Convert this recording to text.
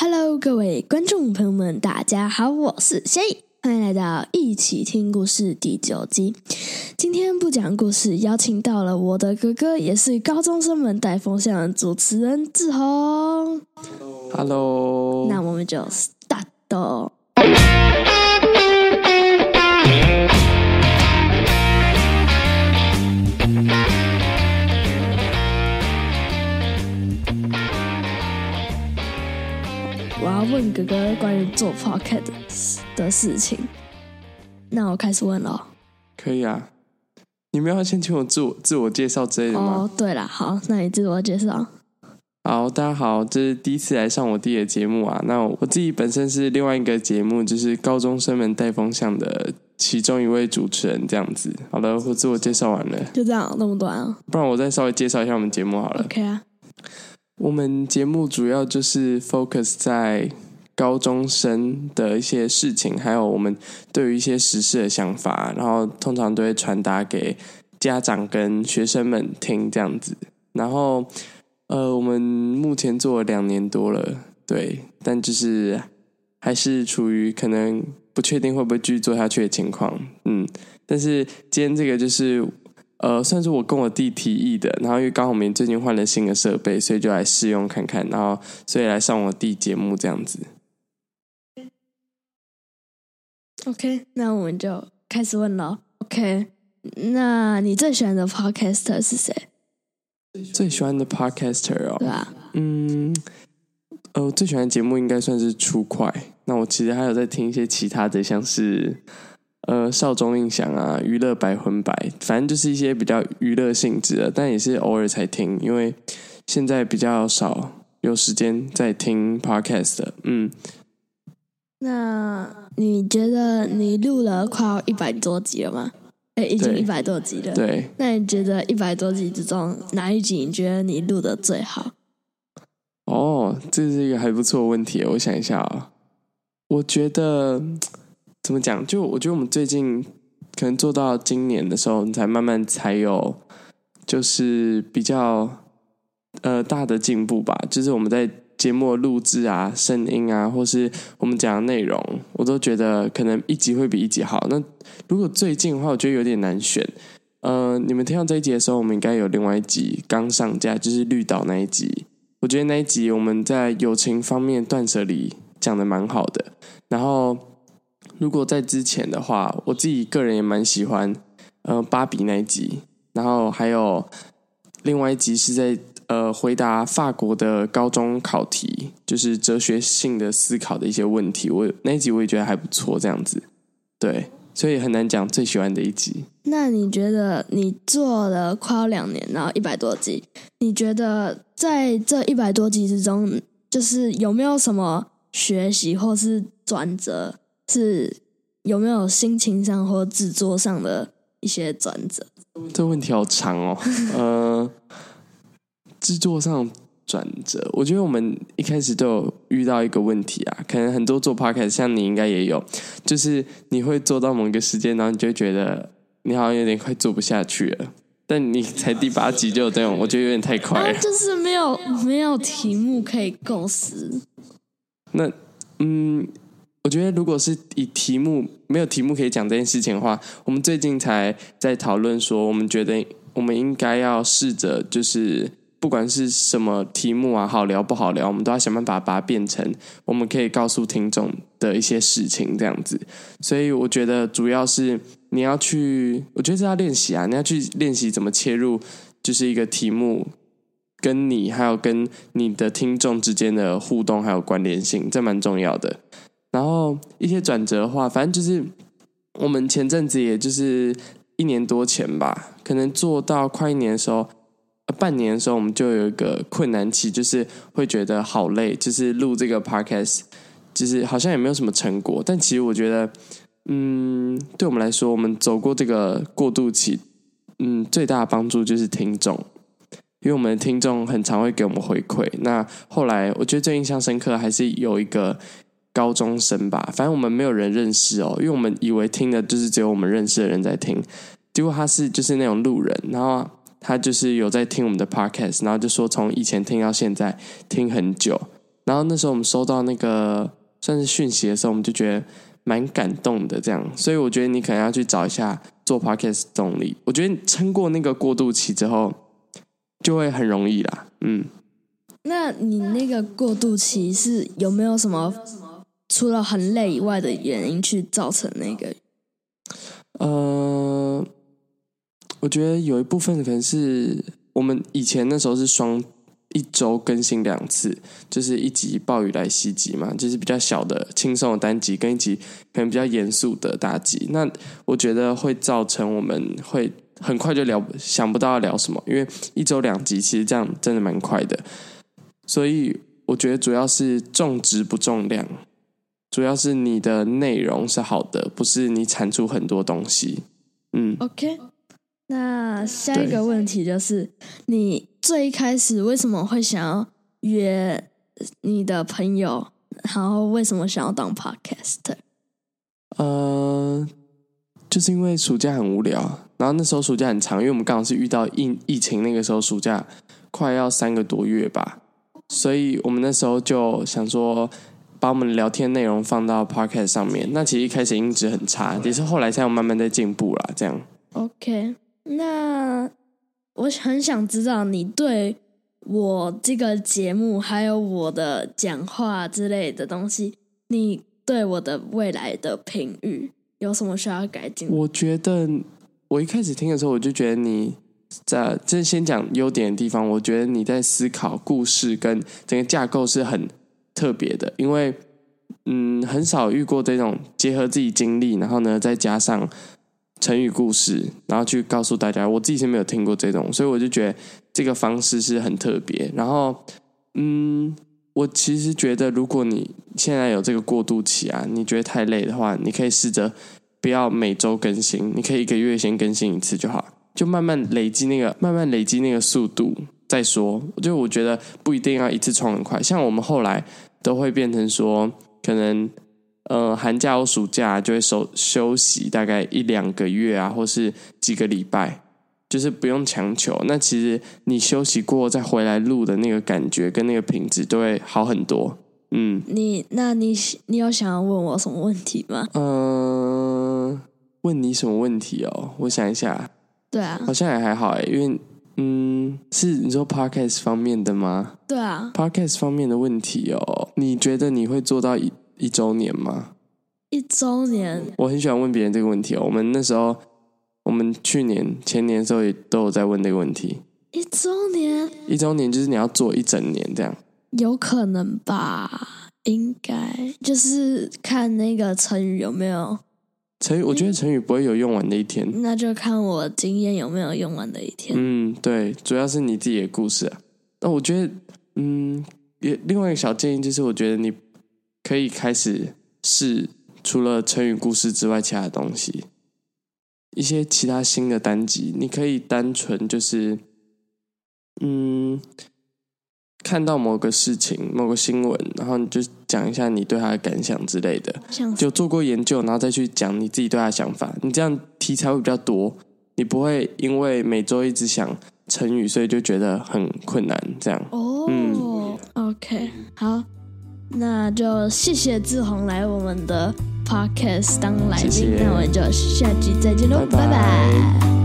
Hello，各位觀眾朋友們，大家好，我是誰？歡迎來到一起聽故事第九集。今天不講故事，邀請到了我的哥哥，也是高中生們 DIE 風向的主持人志宏。Hello，那我們就 start 哥哥關於做 pocket 的事情，那我開始問了、哦。可以啊，你們要先請我自我自我介紹之類的嗎？哦，對了，好，那你自我介紹。好，大家好，這、就是第一次來上我弟的節目啊。那我，我自己本身是另外一個節目，就是高中生們帶風向的其中一位主持人，這樣子。好了，我自我介紹完了，就這樣，那麼短啊、哦。不然我再稍微介紹一下我們節目好了。OK 啊，我們節目主要就是 focus 在。高中生的一些事情，還有我們對於一些時事的想法，然後通常都會傳達給家長跟學生們聽這樣子。然後，呃，我們目前做了兩年多了，對，但就是還是處於可能不確定會不會繼續做下去的情況。嗯，但是今天這個就是，呃，算是我跟我弟提議的。然後因為剛好我們最近換了新的設備，所以就來試用看看，然後所以來上我弟節目這樣子。OK，那我們就開始問了。OK，那你最喜歡的 Podcaster 是誰？最喜歡的 Podcaster 哦，對吧，嗯，呃，我最喜歡的節目應該算是出快。那我其實還有在聽一些其他的，像是呃，少中印象啊，娛樂百分百，反正就是一些比較娛樂性質的，但也是偶爾才聽，因為現在比較少有時間在聽 Podcast。嗯。那你覺得你錄了快要一百多集了嗎？哎、欸，已經一百多集了。對，對那你覺得一百多集之中哪一集你覺得你錄的最好？哦，這是一個還不錯的問題，我想一下啊、哦。我覺得怎麼講？就我覺得我們最近可能做到今年的時候，你才慢慢才有，就是比較呃大的進步吧。就是我們在。節目的錄製啊，聲音啊，或是我們講的內容，我都覺得可能一集會比一集好。那如果最近的話，我覺得有點難選。呃，你們聽到這一集的時候，我們應該有另外一集剛上架，就是綠島那一集。我覺得那一集我們在友情方面斷捨離講得蠻好的。然後，如果在之前的話，我自己個人也蠻喜歡，呃，芭比那一集，然後還有另外一集是在。呃，回答法國的高中考題，就是哲學性的思考的一些問題。我那一集我也覺得還不錯，這樣子，對，所以很難講最喜歡的一集。那你覺得你做了快兩年，然後一百多集，你覺得在這一百多集之中，就是有沒有什麼學習或是轉折？是有沒有心情上或制作上的一些轉折？這問題好長哦，嗯、呃。 製作上轉折，我覺得我們一開始都有遇到一個問題啊，可能很多做 podcast，像你應該也有，就是你會做到某一個時間，然後你就覺得你好像有點快做不下去了。但你才第八集就有這種，啊、我覺得有點太快了、啊。就是沒有沒有題目可以構思。那嗯，我覺得如果是以題目沒有題目可以講這件事情的話，我們最近才在討論說，我們覺得我們應該要試着就是。不管是什麼題目啊，好聊不好聊，我們都要想辦法把它變成我們可以告訴聽眾的一些事情，這樣子。所以我覺得主要是你要去，我覺得是要練習啊，你要去練習怎麼切入，就是一個題目跟你還有跟你的聽眾之間的互動還有關聯性，這蠻重要的。然後一些轉折的話，反正就是我們前陣子也就是一年多前吧，可能做到快一年的時候。啊，半年的時候，我們就有一個困難期，就是會覺得好累，就是錄這個 podcast，就是好像也沒有什麼成果。但其實我覺得，嗯，對我們來說，我們走過這個過渡期，嗯，最大的幫助就是聽眾，因為我們的聽眾很常會給我們回饋。那後來，我覺得最印象深刻還是有一個高中生吧，反正我們沒有人認識哦，因為我們以為聽的就是只有我們認識的人在聽，結果他是就是那種路人，然後。他就是有在聽我們的 podcast，然後就說從以前聽到現在聽很久，然後那時候我們收到那個算是訊息的時候，我們就覺得蠻感動的，這樣。所以我覺得你可能要去找一下做 podcast 動力，我覺得你撐過那個過渡期之後就會很容易啦。嗯，那你那個過渡期是有沒有什麼除了很累以外的原因去造成那個？嗯、呃？我覺得有一部分可能是我們以前那時候是雙一周更新兩次，就是一集暴雨來襲擊嘛，就是比較小的輕鬆的單集跟一集可能比較嚴肅的大集。那我覺得會造成我們會很快就聊，想不到要聊什麼，因為一周兩集其實這樣真的蠻快的。所以我覺得主要是重質不重量，主要是你的內容是好的，不是你產出很多東西。嗯，OK。那下一個問題就是，對你最一開始為什麼會想要約你的朋友？然後為什麼想要當 podcast？呃，就是因為暑假很無聊，然後那時候暑假很長，因為我們剛好是遇到疫疫情，那個時候暑假快要三個多月吧，所以我們那時候就想說，把我們聊天內容放到 podcast 上面。那其實一開始音質很差，也是後來才有慢慢在進步啦。這樣，OK。那我很想知道你對我這個節目，還有我的講話之類的東西，你對我的未來的評語有什麼需要改進？我覺得我一開始聽的時候，我就覺得你在，就是先講優點的地方。我覺得你在思考故事跟整個架構是很特別的，因為嗯，很少遇過這種結合自己經歷，然後呢，再加上。成語故事，然後去告訴大家，我自己是沒有聽過這種，所以我就覺得這個方式是很特別。然後，嗯，我其實覺得，如果你現在有這個過渡期啊，你覺得太累的話，你可以試着不要每周更新，你可以一個月先更新一次就好，就慢慢累積那個，慢慢累積那個速度再說。就我覺得不一定要一次衝很快，像我們後來都會變成說，可能。呃，寒假或暑假就會休休息，大概一兩個月啊，或是幾個禮拜，就是不用強求。那其實你休息過再回來錄的那個感覺跟那個品質都會好很多。嗯，你那你你有想要問我什麼問題嗎？嗯、呃，問你什麼問題哦？我想一下。對啊，好像也還，還好誒，因為嗯，是你說 podcast 方面的嗎？對啊，podcast 方面的問題哦？你覺得你會做到一？一周年嗎？一周年，我很喜歡問別人這個問題喔，我們那時候，我們去年、前年的時候也都有在問這個問題。一周年，一周年就是你要做一整年這樣？有可能吧，應該就是看那個成語有沒有。成語，我覺得成語不會有用完的一天，那就看我經驗有沒有用完的一天。嗯，對，主要是你自己的故事啊。那，哦，我覺得，嗯，也另外一個小建議就是，我覺得你。可以開始試除了成語故事之外，其他的東西，一些其他新的單集。你可以單純就是，嗯，看到某個事情、某個新聞，然後你就講一下你對他的感想之類的，就做過研究，然後再去講你自己對他的想法。你這樣題材會比較多，你不會因為每周一直想成語，所以就覺得很困難。這樣哦、嗯，Oh，OK，好。那就謝謝志宏來我們的 podcast 當來賓，謝謝，那我們就下集再見嘍，拜拜 bye。Bye bye